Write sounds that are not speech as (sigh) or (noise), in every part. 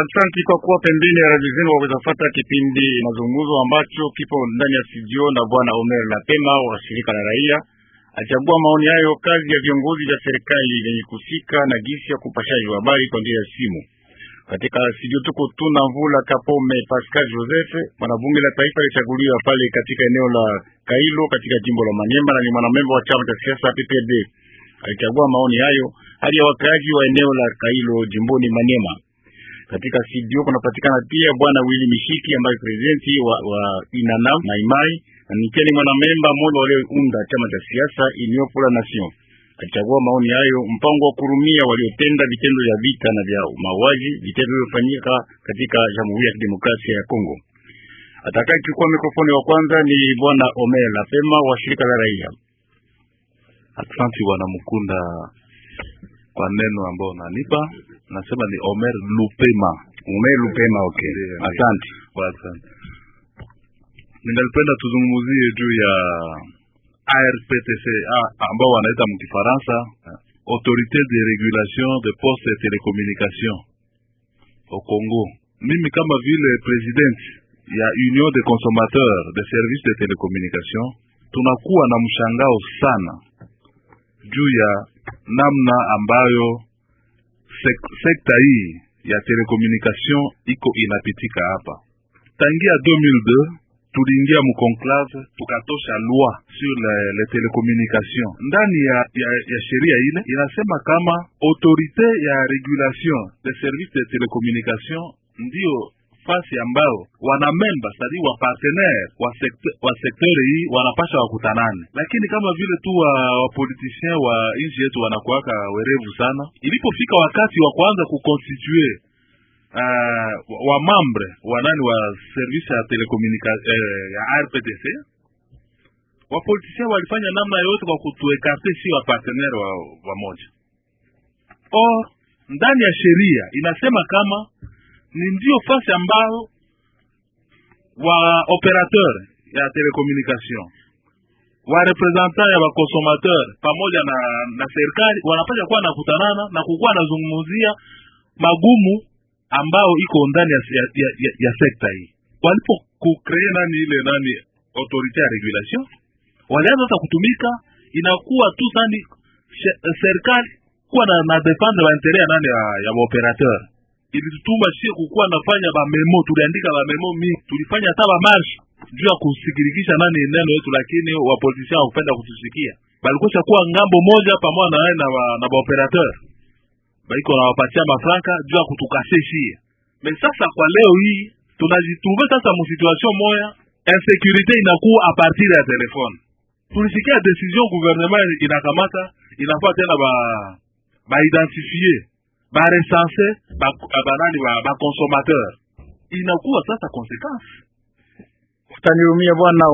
Asante kwa kuwa pembeni ya radio zenu waweza kipindi mazungumzo ambacho kipo ndani ya studio na bwana Omer Lapema wa shirika la raia achambua maoni hayo kazi ya viongozi vya serikali yenye kusika na gisi ya kupashaji habari kwa njia ya simu. Katika studio tuko tuna Mvula Kapome Pascal Joseph, mwanabunge la taifa alichaguliwa pale katika eneo la Kailo katika jimbo la Manyema na ni mwanamemba wa chama cha siasa PPD. Alichagua maoni hayo hali ya wakaaji wa eneo la Kailo jimboni Manyema. Katika studio kunapatikana pia bwana Willy Mishiki ambaye prezidenti wa, wa Inanam Maimai na pia ni mwanamemba mmoja waliounda chama cha siasa Union pour la Nation. Alichagua maoni hayo mpango wa kurumia waliotenda vitendo vya vita na vya mauaji, vitendo vilivyofanyika katika Jamhuri ya Kidemokrasia ya Kongo. Atakayechukua mikrofoni wa kwanza ni bwana Omer Lapema wa shirika la raia. Asante bwana Mkunda kwa neno ambao unanipa nasema ni Omer Lupema. Omer Lupema, okay, asante asante. Ningalipenda tuzungumzie juu ya ARPTC ambao wanaita mkifaransa Autorité de Régulation de Poste et Télécommunication au Congo. Mimi kama vile president ya Union de Consommateurs de Services de Télécommunication, tunakuwa na mshangao sana juu ya namna ambayo Sek, sekta hii ya telecommunication iko inapitika hapa tangia 2002 tuliingia mkonklave tukatosha loi sur le, le telecommunication. Ndani ya, ya, ya sheria ile inasema kama autorite ya regulation de service de telecommunication ndiyo nafasi ambayo wana members sadi wa partenaire wa sekte, wa sektere hii wanapasha wakutanane, lakini kama vile tu wapolitisien wa, wa nchi yetu wanakuwaka werevu sana. Ilipofika wakati wa kuanza kukonstitue uh, wa mambre wanani wa service ya telecommunication eh, ya RPTC wapolitisien walifanya namna yote kwa kutuekarte si wa partenaire wa, wa moja or ndani ya sheria inasema kama ni ndio fasi ambayo wa operateur ya telecommunication wa representant ya baconsomateur pamoja na na serikali wanapasha kuwa nakutanana na kukuwa nazungumzia magumu ambao iko ndani ya, ya, ya, ya sekta hii walipo kukree nani ile nani autorité ya regulation walianza hata kutumika inakuwa tu sani serikali kuwa na, na defendre ya nani ya, ya operateur ilitutuma sie kukuwa nafanya bamemo, tuliandika bamemo mingi, tulifanya hata bamarshi juu ya kusikilikisha nani neno yetu, lakini wapolitisia hawakupenda kutusikia. Balikosa kuwa ngambo moja pamoja na na, na baoperateur baiko nawapatia mafranka juu ya kutukase shie. Me sasa kwa leo hii tunajitrouve sasa musituation moya, insekurite inakuwa a partir ya telefone. Tulisikia decision gouvernement inakamata inakuwa tena ba ba identifier ba ba banani ba baconsomateur inakuwa sasa consequence utaniumia bwana,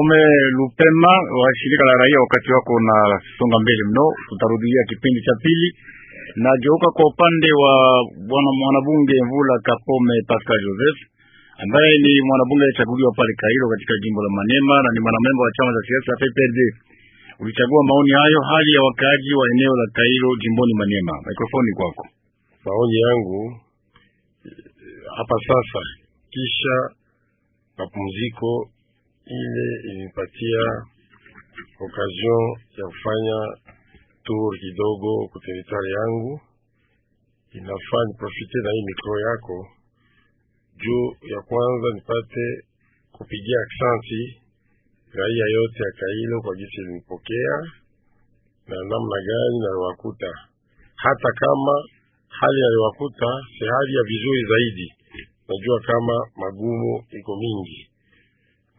lupema wa shirika la raia. Wakati wako na songa mbele mno, tutarudia kipindi cha pili. Nageuka kwa upande wa bwana mwanabunge Mvula Kapome Pascal Joseph ambaye ni mwanabunge alichaguliwa pale Kairo katika jimbo la Manema na ni mwanamembo wa chama cha siasa PPRD. Ulichagua maoni hayo, hali ya wakaaji wa eneo la Kairo jimboni Manema. Mikrofoni kwako maoni yangu hapa sasa, kisha mapumziko ile ilipatia okasion ya kufanya tour kidogo ku teritwari yangu. Inafaa niprofite na hii mikro yako juu ya kwanza nipate kupigia aksanti raia yote ya Kailo kwa jisi ilinipokea na namna gani naliwakuta hata kama hali yaliwakuta si hali ya vizuri zaidi. Najua kama magumu iko mingi,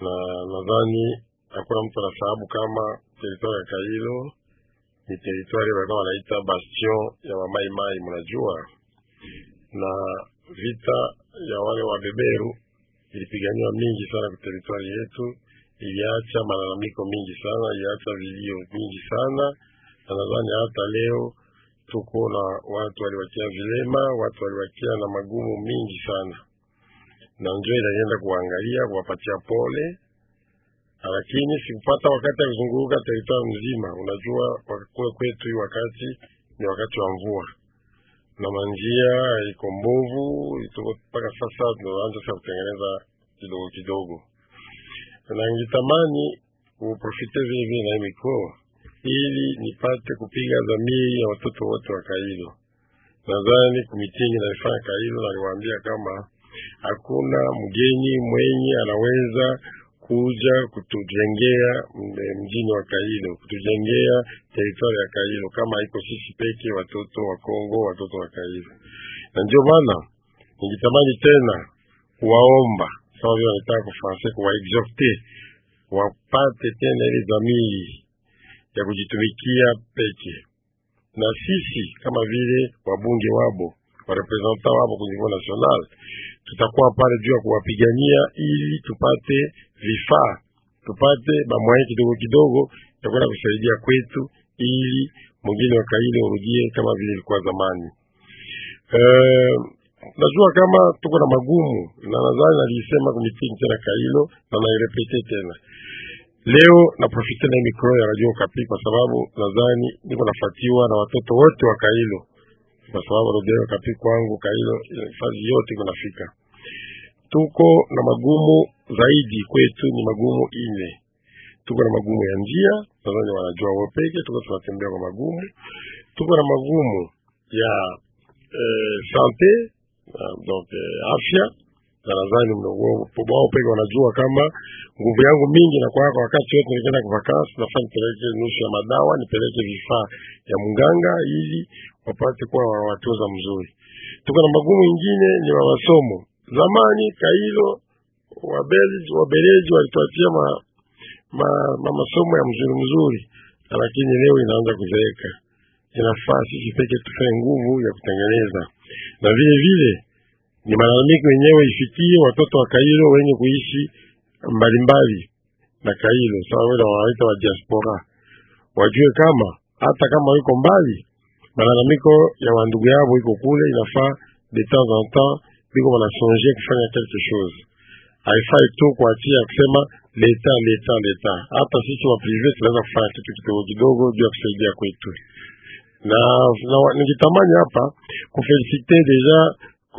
na nadhani hakuna mtu anasababu kama teritwari ya Kailo ni teritwari walikuwa wanaita bastion ya wamaimai, mnajua na vita ya wale wabeberu ilipiganiwa mingi sana kwa teritwari yetu, iliacha malalamiko mingi sana, iliacha vilio mingi sana na nadhani hata leo tuko na watu waliwakia vilema, watu waliwakia na magumu mingi sana, na njo inaenda kuangalia kuwapatia pole, lakini sikupata wakati ya kuzunguka teritoria mzima. Unajua kule kwetu hii wakati ni wakati wa mvua na manjia iko mbovu, tuko mpaka sasa tunaanza sasa kutengeneza kidogo kidogo, na ngitamani uprofite vile vile na hii mikoa ili nipate kupiga dhamiri ya watoto wote wa Kailo. Nadhani kumitini naifanya Kailo aliwaambia kama hakuna mgeni mwenye anaweza kuja kutujengea mjini wa Kailo, kutujengea teritori ya Kailo kama iko sisi peke, watoto wa Kongo, watoto wa Kailo. Na ndio maana ningitamani tena kuwaomba sawa vile wanataka kufaransia, kuwaexorte wapate tena ile dhamiri ya kujitumikia peke, na sisi kama vile wabunge wabo warepresentant wabo ku niveau national tutakuwa pale juu ya kuwapigania ili tupate vifaa, tupate bamwaye kidogo kidogo kwenda kusaidia kwetu ili mwingine kaili urudie kama vile ilikuwa zamani. Uh, najua kama tuko na magumu na nadhani nalisema kumitini tena Kailo na nairepete tena Leo naprofite na mikro ya Radio Kapi kwa sababu nadhani niko nafatiwa na watoto wote wa Kailo, kwa sababu Radio Kapi kwangu Kailo hifadhi yote kunafika. Tuko na magumu zaidi kwetu, ni magumu ine. Tuko na magumu ya njia, nadhani wanajua wapeke, Tuko tunatembea kwa magumu, tuko na magumu ya eh, sante, donc eh, afya na nadhani mkubwa peke wanajua kama nguvu yangu mingi na kwa kwa wakati wote nikienda kwa vakansi nafaa nipeleke nusu ya madawa, nipeleke vifaa ya mganga ili wapate kuwa watoza mzuri. Tuko na magumu ingine ni wa masomo. Zamani Kailo wabelezi wabelezi walituachia ma, ma, ma masomo ya mzuri mzuri, lakini leo inaanza kuzeeka. Inafaa sisi peke tufanye nguvu ya kutengeneza na vile vile ni malalamiko yenyewe ifikie watoto wa Kairo wenye kuishi mbalimbali na Kairo, sawa wale wanaita wa diaspora, wajue kama hata kama yuko mbali, malalamiko ya wandugu yao iko kule. Inafaa de temps en temps biko wanasonje kufanya quelque chose. Haifai tu kuachia kusema leta leta leta. Hata sisi wa privé tunaweza kufanya kitu kidogo kidogo juu ya kusaidia kwetu na, na ningetamani hapa kufelicite deja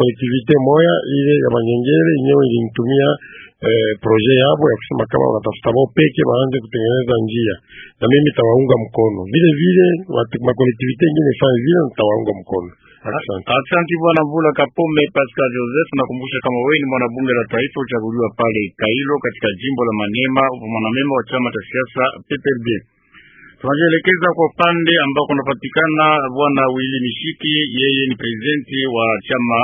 kolektivite moya ile ya Manyengere yenyewe ilimtumia eh, proje yabo ya kusema kama wanatafuta wao peke waanze kutengeneza njia, na mimi tawaunga mkono vile vile, makolektivite nyingine fanya vile, nitawaunga mkono. Asante Bwana Mvula Kapome Pascal Joseph. Nakumbusha kama wewe ni mwanabunge bunge la taifa uchaguliwa pale Kailo katika jimbo la Manema, mwanamema wa chama cha siasa PPRD. Tunajielekeza kwa upande ambako unapatikana Bwana Willy Mishiki, yeye ni presidenti wa chama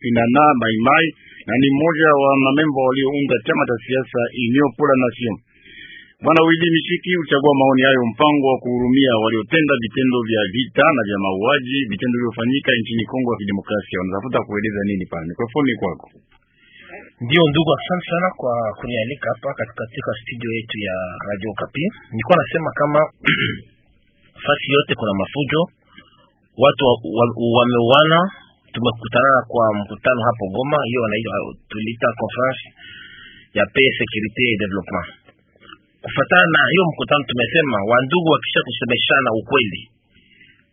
Inana Maimai na ni mmoja wa wanamemba waliounda chama cha siasa Union Nation. Bwana Willy Mishiki uchagua maoni hayo, mpango wa kuhurumia waliotenda vitendo vya vita na vya mauaji, vitendo vilivyofanyika nchini Kongo ya Kidemokrasia. Wanatafuta kueleza nini pale? Mikrofoni kwako. Ndio ndugu, asante sana kwa kunialika hapa katika studio yetu ya Radio Kapi. Nilikuwa nasema kama (clears throat) fasi yote kuna mafujo, watu wameuana wa, wa tumekutana kwa mkutano hapo Goma, hiyo tulita conference ya paix securite et development. Kufatana na hiyo mkutano, tumesema wandugu wakisha kusemeshana ukweli,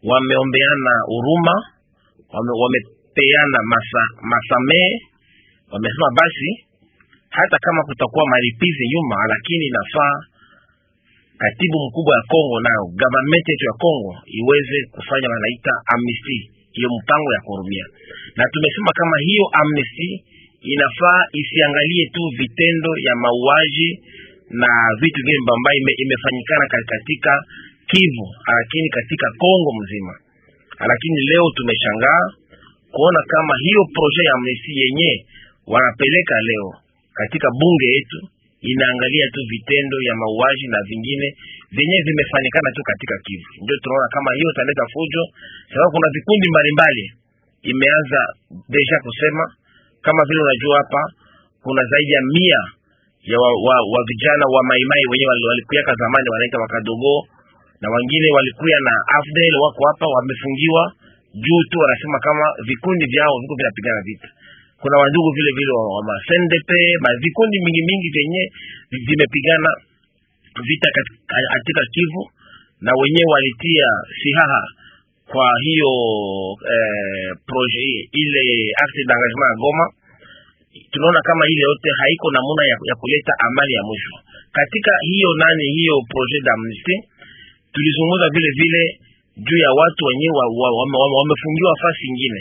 wameombeana huruma, wame, wamepeana masa, masamee, wamesema basi hata kama kutakuwa malipizi nyuma, lakini nafaa katibu mkubwa ya Kongo na government yetu ya Kongo iweze kufanya wanaita amnesty hiyo mpango ya kurumia na tumesema kama hiyo amnesty inafaa isiangalie tu vitendo ya mauaji na vitu vile ambayo ime, imefanyikana katika kivu lakini katika kongo mzima lakini leo tumeshangaa kuona kama hiyo proje ya amnesty yenye wanapeleka leo katika bunge yetu inaangalia tu vitendo ya mauaji na vingine zenyewe zimefanikana tu katika Kivu. Ndio tunaona kama hiyo italeta fujo, sababu kuna vikundi mbalimbali imeanza deja kusema kama vile unajua, hapa kuna zaidi ya mia ya wa, wa, wa vijana wa maimai wenyewe walikuyaka zamani wanaita wakadogo, na wengine walikuya na Afdel wako hapa wamefungiwa juu tu, wanasema kama vikundi vyao viko vinapigana vita. Kuna wandugu vile vile wa, wa masNDP ma vikundi mingi mingi vyenye vimepigana vita katika Kivu na wenyewe walitia sihaha kwa hiyo eh, proje ile acte d'engagement ya Goma, tunaona kama ile yote haiko namuna ya, ya kuleta amani ya mwisho katika hiyo nani hiyo proje d'amnistie. Tulizungumza vile vile juu ya watu wenyewe wa, wa, wa, wa, fasi ingine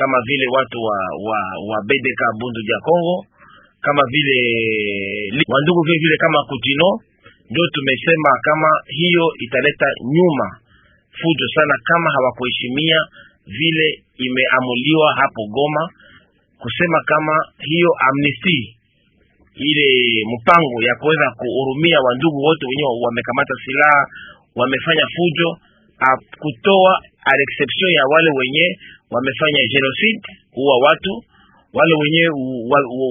kama vile watu wa wa, wa BDK Bundu ya Kongo, kama vile wandugu vile vile kama Kutino ndio tumesema kama hiyo italeta nyuma fujo sana, kama hawakuheshimia vile imeamuliwa hapo Goma, kusema kama hiyo amnesty ile mpango ya kuweza kuhurumia wandugu wote wenyewe wamekamata silaha wamefanya fujo, akutoa a ya wale wenye wamefanya genocide huwa watu wale wenyewe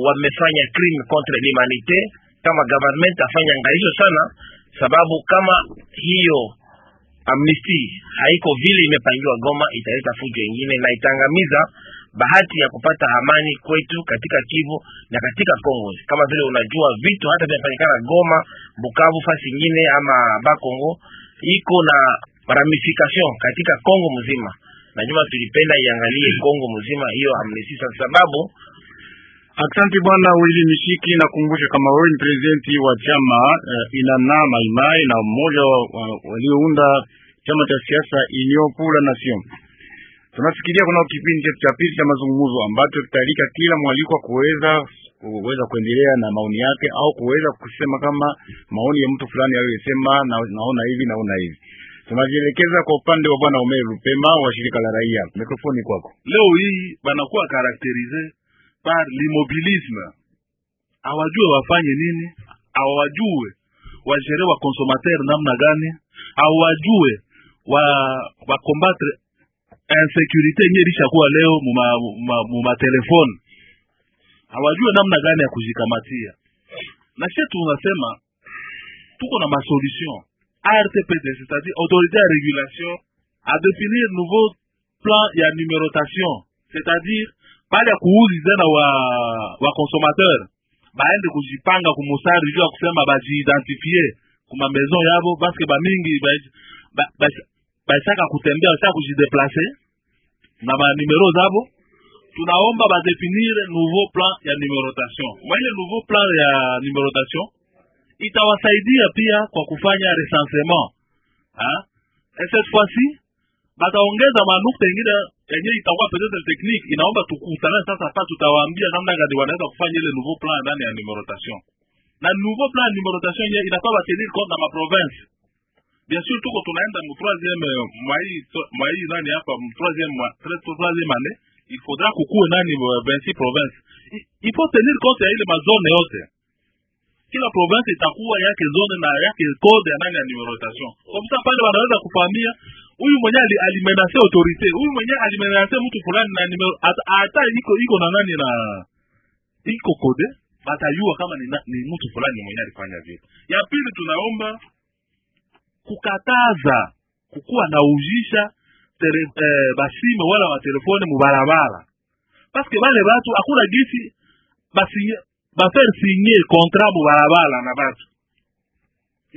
wamefanya crime contre l'humanité kama government afanye angalisho sana, sababu kama hiyo amnisti haiko vile imepangiwa, Goma italeta fujo ingine na itaangamiza bahati ya kupata amani kwetu katika Kivu na katika Kongo. Kama vile unajua vitu hata vinafanyikana Goma, Bukavu, fasi ingine ama Bakongo, iko na ramification katika Kongo mzima. najuma tulipenda iangalie mm. Kongo mzima hiyo amnesty, sababu Asante bwana Willy Mishiki, na kumbusha kama wewe ni presidenti wa chama uh, eh, inana maimai na mmoja waliounda wa, chama cha siasa iliyopula sio Tunafikiria kuna kipindi cha pili cha mazungumzo ambacho kitalika kila mwalikwa kuweza kuweza kuendelea na maoni yake au kuweza kusema kama maoni ya mtu fulani aliyesema na, naona hivi naona hivi. Tunajielekeza kwa upande wa bwana Omer Lupema wa shirika la raia. Mikrofoni kwako. Leo hii banakuwa karakterize par l'immobilisme hawajue wafanye nini hawajue wagere wa consommateur namna gani hawajue wa combattre insécurité yenye ilishakuwa leo mumatelefone muma, hawajue namna gani ya kujikamatia na sisi tunasema tuko na masolution artpd c'est-à-dire autorité ya régulation a définir nouveau plan ya numérotation c'est-à-dire baada ya kuuzi na wa wa consomateur baende kujipanga kumusari juu ya kusema bajiidentifie kumamaison yabo paske bamingi bashaka kutembea bashaka kujideplace na banimero zabo tunaomba badefinir nouveau plan ya numerotation mwenye nouveau plan ya numerotation itawasaidia pia kwa kufanya recensement ha? cette fois ci bataongeza manukta ingine yenye itakuwa peut-être technique, inaomba tukutane sasa hapa, tutawaambia namna gani wanaweza kufanya ile nouveau plan ndani ya numerotation, na nouveau plan numerotation yenye inafaa watenir compte na province. Bien sûr tuko tunaenda mu 3e euh, mwa hii nani hapa mu 3e troisième mwa troisième année, il faudra kukuwe nani 26 euh, province, il faut tenir compte ya ile mazone yote kila province itakuwa yake zone na yake code ya nani ya numerotation. Kwa msa pale wanaweza kufahamia huyu mwenyewe alimenase autorite huyu mwenyewe alimenase mtu fulani na hata iko iko na nani na iko kode atajua kama ni, na, ni mtu fulani mwenyewe alifanya vile ya pili tunaomba kukataza kukuwa na ujisha tele, eh, basime wala watelefone mubarabara paske bale batu akula gisi bafaire sinye kontra mubarabara na batu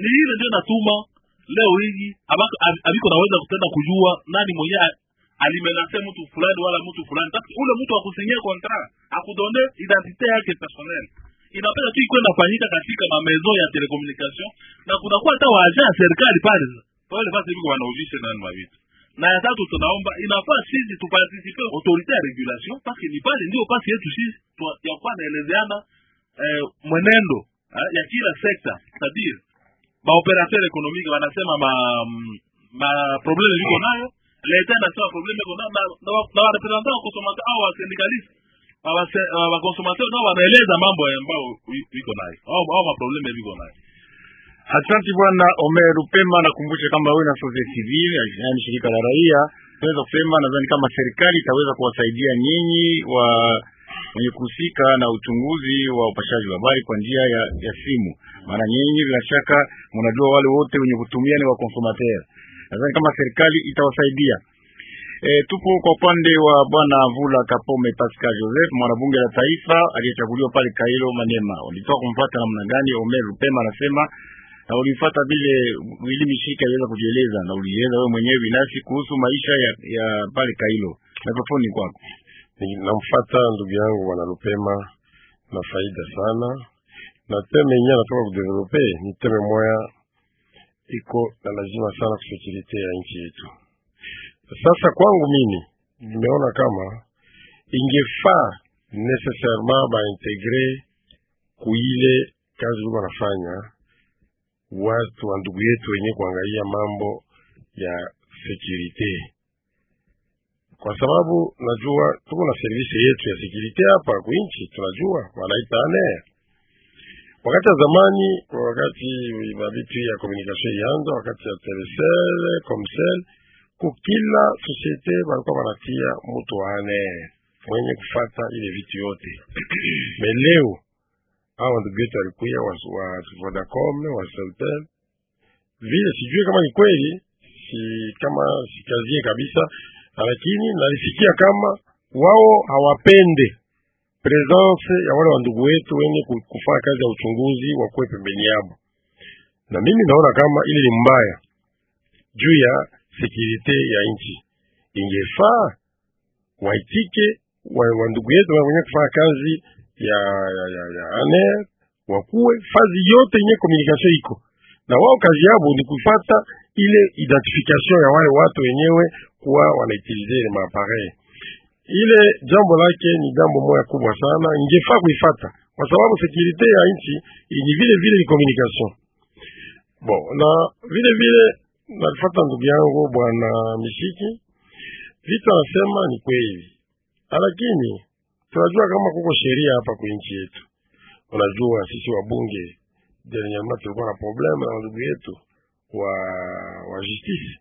ni ile ndio natuma leo hivi aliko naweza kutenda kujua nani mwenyewe alimelase mtu fulani wala mtu fulani parce ule mtu akusinyia contrat akudone identite yake personnel inapenda tu ikwenda fanyika katika mamezo ya telecommunication na kunakuwa hata waagent ya serikali pale pale basi hivi na nani mavitu na ya tatu tunaomba inafaa sisi tupartisipe autorite ya regulation parce ni pale ndio pasi yetu sisi yakuwa naelezeana eh, mwenendo eh, ya kila sekta sadire baoperateur economique wanasema ma, ma mm, probleme liko eh. nayo leta inasema probleme iko nayo na warepresentant wakonsomateur au wasyndicaliste wakonsomateur nao wanaeleza mambo ambayo iko nayo au maprobleme viko nayo Asante bwana Omer upema Nakumbusha kama wewe na society civil, yaani shirika la raia, tunaweza kusema nadhani kama serikali itaweza kuwasaidia nyinyi wa wenye kuhusika na uchunguzi wa upashaji wa habari kwa njia ya, ya simu. Maana nyinyi bila shaka mnajua wale wote wenye kutumia ni wa wakonsomateur. Nadhani kama serikali itawasaidia. E, tupo kwa upande wa bwana Vula Kapome Pascal Joseph, mwanabunge la taifa aliyechaguliwa pale Kailo Manema. Walitoka kumfuata namna gani? Omer Lupema anasema na ulifuata vile ili mishika iweza kujieleza na ulieleza wewe mwenyewe binafsi kuhusu maisha ya, ya pale Kailo. Mikrofoni kwako. Namfata ndugu yangu Lupema na faida sana, na teme inye anatoka kudevelope ni teme moya iko na lazima sana kusekirite ya nchi yetu. Sasa kwangu mimi nimeona kama ingefaa necessairement baintegre kuile kazi liko wanafanya watu wa ndugu yetu wenye kuangalia mambo ya sekurite kwa sababu najua tuko na servisi yetu ya sekirite hapa kuinchi, tunajua wanaita ane Wakati ya zamani, wakati mabitu ya komunikasyon ianza, wakati ya telesel komsel, kukila sosiete walikuwa wanatia mtu wa mwenye kufata ile vitu yote meleo (clears throat) hawa ndugu yetu walikuya wa Vodacom wa Celtel, vile sijui kama ni kweli, si kama sikazie kabisa lakini nalisikia kama wao hawapende presence ya wale wandugu wetu wenye kufanya kazi ya uchunguzi wakuwe pembeni yabo, na mimi naona kama ile ni mbaya juu ya sekirite ya nchi. Ingefaa waitike wandugu yetu wenye kufanya kazi ya, ya, ya, ya ane wakuwe fazi yote yenye komunikasio iko na wao kazi yabo ni kupata ile identification ya wale watu wenyewe kuwa wanaitilize ile Ile jambo lake ni jambo moja kubwa sana, ingefaa kuifata kwa sababu sekirite ya nchi ni vile vile ni communication bon, na vile vile nalifata ndugu yangu bwana Mishiki vita nasema ni kweli, lakini tunajua kama kuko sheria hapa kwa nchi yetu. Unajua sisi wabunge dernièrement tulikuwa na probleme na ndugu yetu wa wa justice,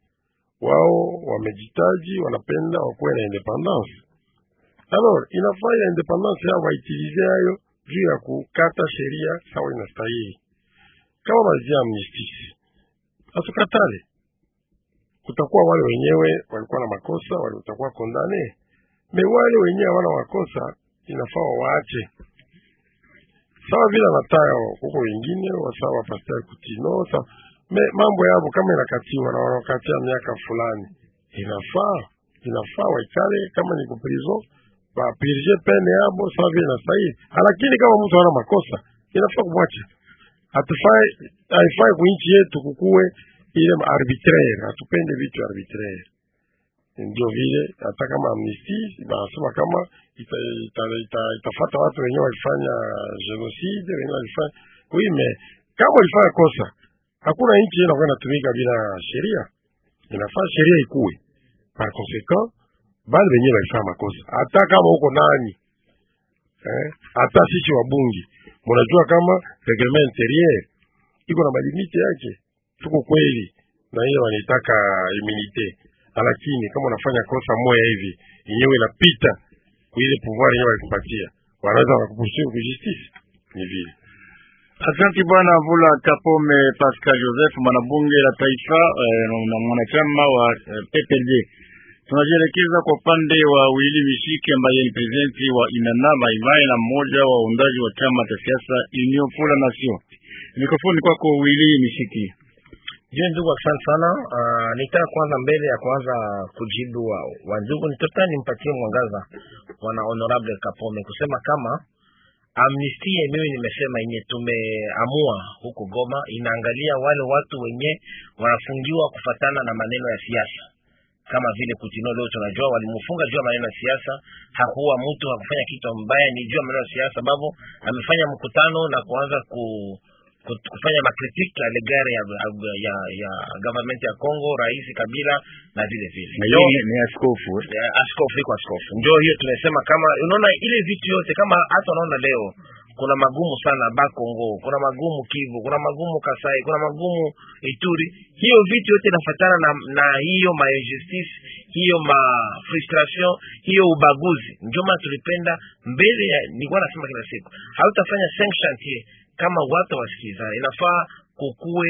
wao wamejitaji, wanapenda wakuwe na independance. Alors inafaa ya independance yao waitilize hayo juu ya kukata sheria sawa inastahili, kama wazia amnistis hatukatale kutakuwa wale wenyewe walikuwa na makosa wale utakuwa kondane, me wale wenyewe hawana makosa inafaa waache sawa vile watayo huko wengine wasawa kutino kutinosa me mambo yao kama inakatiwa na wanakatia miaka fulani, inafaa inafaa waikale kama ni kuprizo wapirije pene yabo sawa vile inastahili, lakini kama mtu ana makosa inafaa kumwacha. Hatufai, haifai kuinchi yetu kukuwe ile arbitraire, hatupende vitu arbitraire ndio vile hata kama amnisti banasema kama itafata ita, ita, ita watu wenyewe walifanya genocide wenyewe walifanya kuime kama walifanya kosa, hakuna nchi inakuwa inatumika bila sheria. Inafaa sheria ikuwe, par conséquent bali wenyewe walifanya makosa, hata kama huko nani eh, hata eh, sisi wabungi mnajua kama reglement interieur iko na malimite yake, tuko kweli na hiyo wanaitaka immunite lakini kama unafanya kosa moja hivi yenyewe inapita ile pouvoir yenyewe walikupatia, wanaweza wakakupursue ku justice. Ni vile. Asante Bwana Vula Kapome Pascal Joseph, mwanabunge la taifa eh, na mwanachama wa eh, PPD. Tunajielekeza kwa upande wa wili Mishike ambaye ni presidenti wa Inana Maimai na mmoja wa waundaji wa chama cha siasa Union pour la Nation. Mikrofoni kwako wili Mishike. Jue ndugu, asante sana. Uh, ah, nitaka kwanza mbele ya kwanza kujibu wa, ah, wa ndugu nitotaka nimpatie mwangaza bwana honorable Kapome kusema kama amnistia mimi nimesema yenye tumeamua huko Goma inaangalia wale watu wenye wanafungiwa kufatana na maneno ya siasa kama vile Kutino leo tunajua walimfunga juu ya maneno ya siasa. Hakuwa mtu hakufanya kitu mbaya, ni juu ya maneno ya siasa ambavyo amefanya mkutano na kuanza ku kufanya makritiki la legare ya ya ya government ya Congo, rais Kabila na vile vile ni askofu eh? Eh, askofu iko askofu. Ndio hiyo tunasema, kama unaona ile vitu yote, kama hata unaona leo kuna magumu sana Bakongo, kuna magumu Kivu, kuna magumu Kasai, kuna magumu Ituri. Hiyo vitu yote inafatana na, na hiyo ma injustice, hiyo ma frustration, hiyo ubaguzi. Ndio maana tulipenda mbele ya nilikuwa nasema kila siku, hautafanya sanction hii kama watu wasikilizana, inafaa kukuwe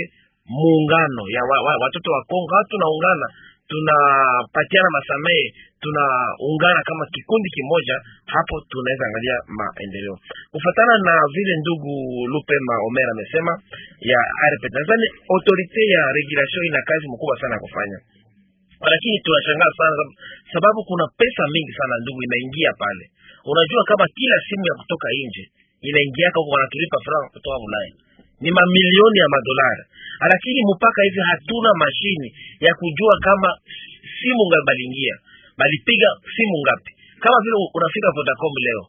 muungano ya wa, wa, watoto wa Kongo. Hata tunaungana tunapatiana masamehe, tunaungana kama kikundi kimoja, hapo tunaweza angalia maendeleo kufuatana na vile ndugu Lupema Omer amesema ya RP. Nadhani autorite ya regulation ina kazi mkubwa sana ya kufanya lakini tunashangaa sana sababu kuna pesa mingi sana ndugu inaingia pale. Unajua kama kila simu ya kutoka nje inaingia kwa wanatulipa franc kutoka Ulaya, ni mamilioni ya madolari, lakini mpaka hivi hatuna mashini ya kujua kama simu ngapi baliingia balipiga simu ngapi. Kama vile unafika Vodacom leo,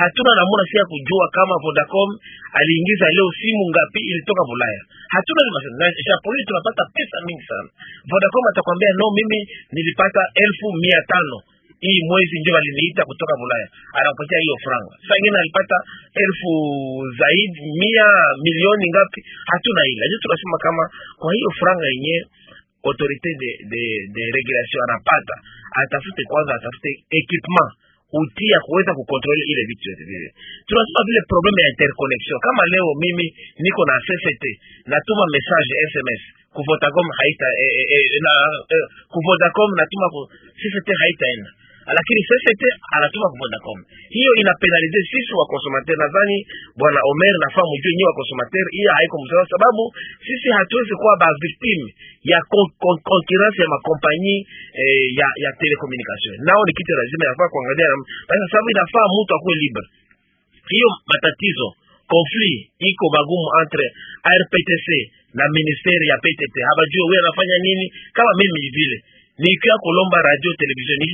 hatuna namuna si ya kujua kama Vodacom aliingiza leo simu ngapi ilitoka Ulaya. Hatuna shapoli, tunapata pesa mingi sana. Vodacom atakwambia no, mimi nilipata elfu mia tano hii mwezi ndio aliniita kutoka ulaya anapotea hiyo franga. Sasa ingine alipata elfu zaidi mia milioni ngapi, hatuna ile ndio tunasema kama kwa hiyo franga yenyewe autorité de, de, de regulation anapata, atafute kwanza, atafute equipment uti ya kuweza kukontrole ile vitu vyote vile. Tunasema vile probleme ya interconnection. Kama leo mimi niko na CCT natuma message SMS ku Vodacom haita e, e, e, na e, ku Vodacom natuma ku CCT haitaenda lakini CCT anatuma kwa Vodacom. Hiyo ina penalize sisi wa consumateur. Nadhani bwana Omer nafaa mjue nyewe wa consumateur, hiyo haiko mzuri, sababu sisi hatuwezi kuwa ba victim ya konkurence ya makompanyi eh, ya ya telecommunication. Nao ni kitu lazima yafaa kuangalia, kwa sababu inafaa mtu akuwe libre. Hiyo matatizo conflit iko magumu entre RPTC na ministeri ya PTT, habajue wewe anafanya nini, kama mimi vile nikiwa kulomba radio televisheni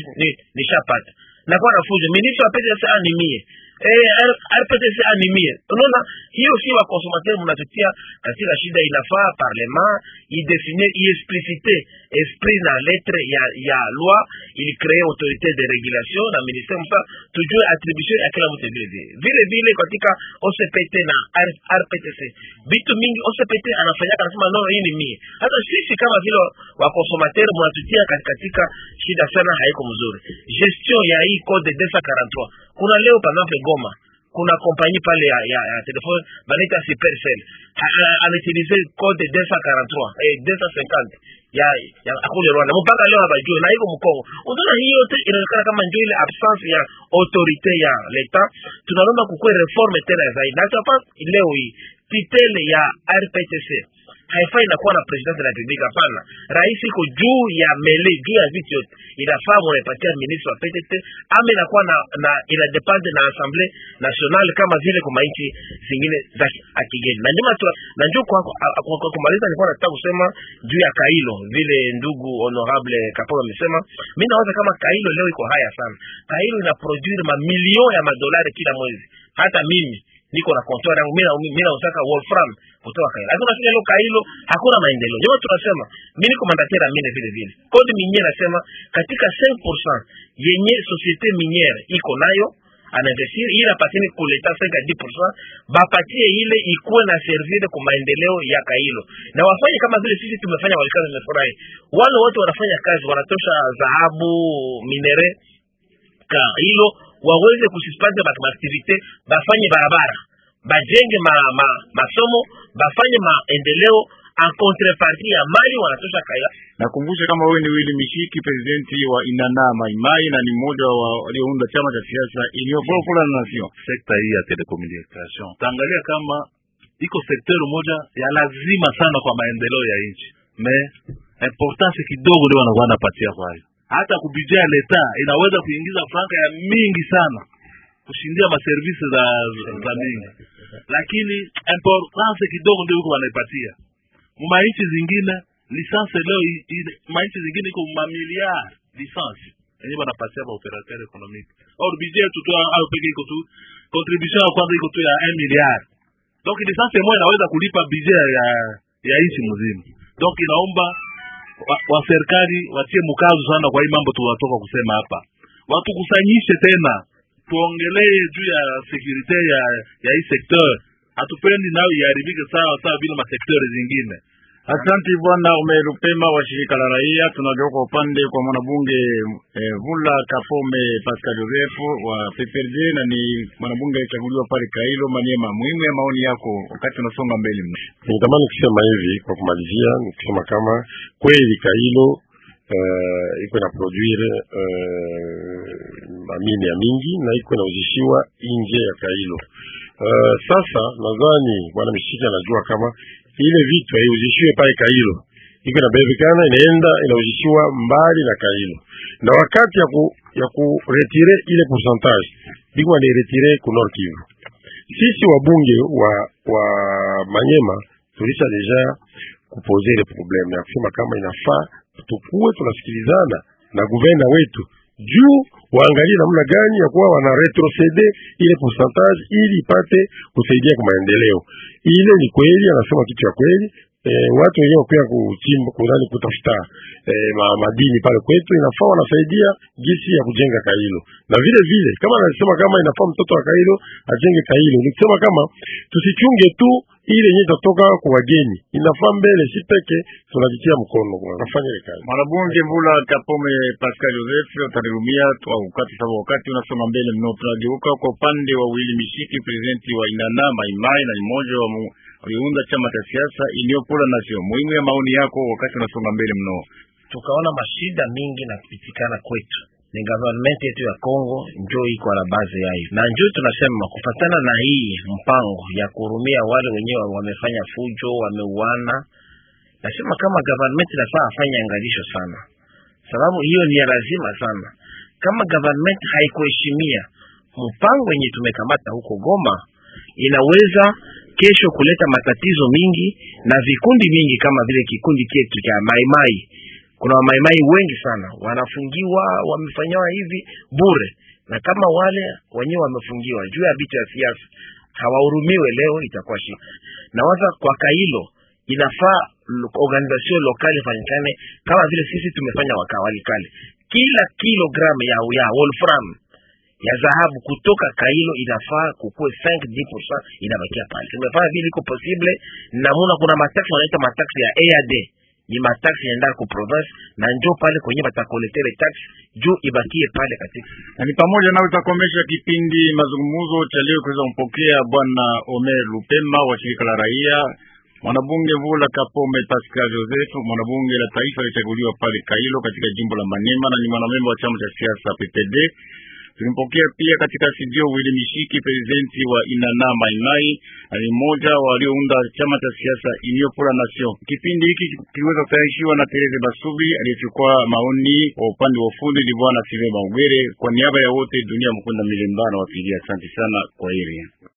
nishapata, nakuwa nafujo minishapesa saa ni mie Eh, RPTC amimie. Unaona, hiyo si wakonsomateur mnatutia katika shida. Inafaa parlement idefine iexplicite esprit na lettre ya ya loi ilicree autorité de régulation na ministère msa, tujue attribution ya kila mtu vile vile vile vile katika OCPT na RPTC. vitu mingi OCPT anafanyaka anasema no, hii ni mie. Hata sisi kama vile wakonsomateur mnatutia katika shida sana, haiko mzuri gestion ya hii code 243 kuna leo par exemple goma kuna kompanyi pale ya, ya, ya telefone banaita supercell anautilize code 243 eh, 250 ya, ya akule Rwanda mpaka leo habajue, na hivyo mkongo utaona hii yote inaonekana kama ndio ile absence ya autorité ya leta. Tunalomba kukue reforme tena zaidi, na hata leo hii titele ya RPTC haifai inakuwa na presidenti la republika Hapana, rais iko juu ya mele, juu ya vitu yote. Inafaa munaipatia ministre wa petete ama inakuwa na, na ina depende na assemble nationale kama vile kwa manchi zingine za akigeni. Na ndio na ndio kwa, kwa, kwa kumaliza, nilikuwa nataka kusema juu ya Kailo vile ndugu honorable kapolo amesema. mi nawaza kama Kailo leo iko haya sana. Kailo ina produire mamilion ya madolari kila mwezi, hata mimi niko na comptoir yangu mimi na nautaka wolfram kutoka kaila Lakini unafika leo Kailo hakuna maendeleo. Ndio tunasema mimi niko mandatera mimi vile vile. kodi mimi nasema katika 5% yenye societe miniere iko nayo anavesir ile apatini kuleta 5 à 10%, bapatie ile ikuwe na servire kwa maendeleo ya Kailo, na wafanye kama vile sisi tumefanya. Walikazi wamefurahi, wale wote wanafanya kazi, wanatosha dhahabu minere Kailo waweze kususpend maaktivite, bafanye barabara, bajenge ma, ma, masomo, bafanye maendeleo en contrepartie ya mali wanatosha kaya. Nakumbusha kama wewe ni Willy Mishiki, presidenti wa Inana Maimai na ni mmoja wa waliounda chama cha siasa iliyokuwa kula na nation. Sekta hii ya telecommunication taangalia kama iko sekta moja ya lazima sana kwa maendeleo ya nchi, me importance kidogo ndio wanakuwa napatia kwayo hata kupitia leta inaweza kuingiza franka ya mingi sana kushindia maservisi za za mingi lakini importance kidogo ndio iko wanaipatia manchi zingine lisanse leo manchi zingine iko mamiliari lisanse yenyewe wanapatia maoperateur economique or budget yetu tu au peke iko tu contribution ya kwanza iko tu ya 1 milliard donc lisanse moja inaweza kulipa budget ya ya nchi mzima donc inaomba wa, serikali watie mkazo sana kwa hii mambo tuwatoka kusema hapa, watukusanyishe tena tuongelee juu ya sekurite ya ya hii sekteur. Hatupendi nayo iharibike sawa sawa vile masekteur zingine. Asanti Bwana Ume Lupema wa shirika la raia. Tunageuka upande kwa mwanabunge eh, Vula Kafome Pascal Joseph wa PPRD na ni mwanabunge alichaguliwa pale Kailo Maniema. Muhimu ya maoni yako wakati unasonga mbele. Nitamani kusema hivi kwa kumalizia, nikusema kama kweli Kailo uh, iko na produire uh, eh, amine ya mingi na iko na uzishiwa nje ya Kailo. Uh, sasa nadhani bwana Mishika anajua kama ile vitu haiuzishiwe pale Kailo, iko inabewezekana, inaenda inauzishiwa mbali na Kailo, na wakati ya ku ya kuretire ile pourcentage iko wanaretire ku Nord Kivu. Sisi wabunge wa wa Manyema tulisha deja kupoze ile probleme ya kusema kama inafaa tukuwe tunasikilizana na guverna wetu juu waangalie namna gani ya kuwa wana retrocede ile pourcentage ili ipate kusaidia kwa maendeleo. Ile ni kweli, anasema kitu ya kweli. E, watu wenyewe wakuya kuchimba kunani kutafuta e, ma, madini pale kwetu, inafaa wanasaidia gisi ya kujenga Kailo, na vile vile kama anasema kama inafaa mtoto wa Kailo ajenge Kailo, nikisema kama tusichunge tu ile yenye itatoka kwa wageni inafaa mbele, si peke tunajitia mkono tunafanya ile kazi. Mwanabunge Mvula Kapome Pascal Joseph, utanirumia wakati sababu wakati unasonga mbele mno. Tunageuka kwa upande wa Wili Mishiki, presidenti wa Inana Maimai na mmoja wa aliunda chama cha siasa iliyopola nasio. Muhimu ya maoni yako wakati unasonga mbele mno, tukaona mashida mingi na kupitikana kwetu ni government yetu ya Kongo njo iko na base yayo, na njoo tunasema kufatana na hii mpango ya kuhurumia wale wenyewe wamefanya fujo, wameuana. Nasema kama government inafaa afanye angalisho sana, sababu hiyo ni ya lazima sana. Kama government haikuheshimia mpango wenye tumekamata huko Goma, inaweza kesho kuleta matatizo mingi na vikundi mingi kama vile kikundi chetu cha maimai kuna wamaimai wengi sana wanafungiwa wamefanyiwa hivi bure na kama wale wenyewe wamefungiwa juu ya vita ya siasa hawahurumiwe leo itakuwa shida na waza kwa kailo inafaa organization lokali ifanyikane kama vile sisi tumefanya wakawalikale kila kilogramu ya, ya wolfram ya dhahabu kutoka kailo inafaa kukue 5 inabakia pale tumefanya vile iko posible namuna kuna mataksi wanaita mataksi ya ad ni mataxi yaenda ku province na njo pale kwenye batakoletere tax juu ibakie pale katika. Na ni pamoja nao itakomesha kipindi mazungumzo cha leo kuweza kumpokea bwana Omer Lupema wa shirika la raia, mwanabunge Vula Kapome Pascal Joseph, mwanabunge la taifa alichaguliwa pale Kailo katika jimbo la Manema, na ni mwanamemba wa chama cha siasa PPD. Tulimpokea pia katika studio wili Mishiki, prezidenti wa Inana mainai ni mmoja waliounda chama cha siasa Union pour la Nation. Kipindi hiki kiliweza kutayarishiwa na Tereze Basubi aliyechukua maoni kwa upande wa ufundi ni bwana Sylvain Baugere. Kwa niaba ya wote, dunia mkunda milemba na wapigia asante sana, kwaheri.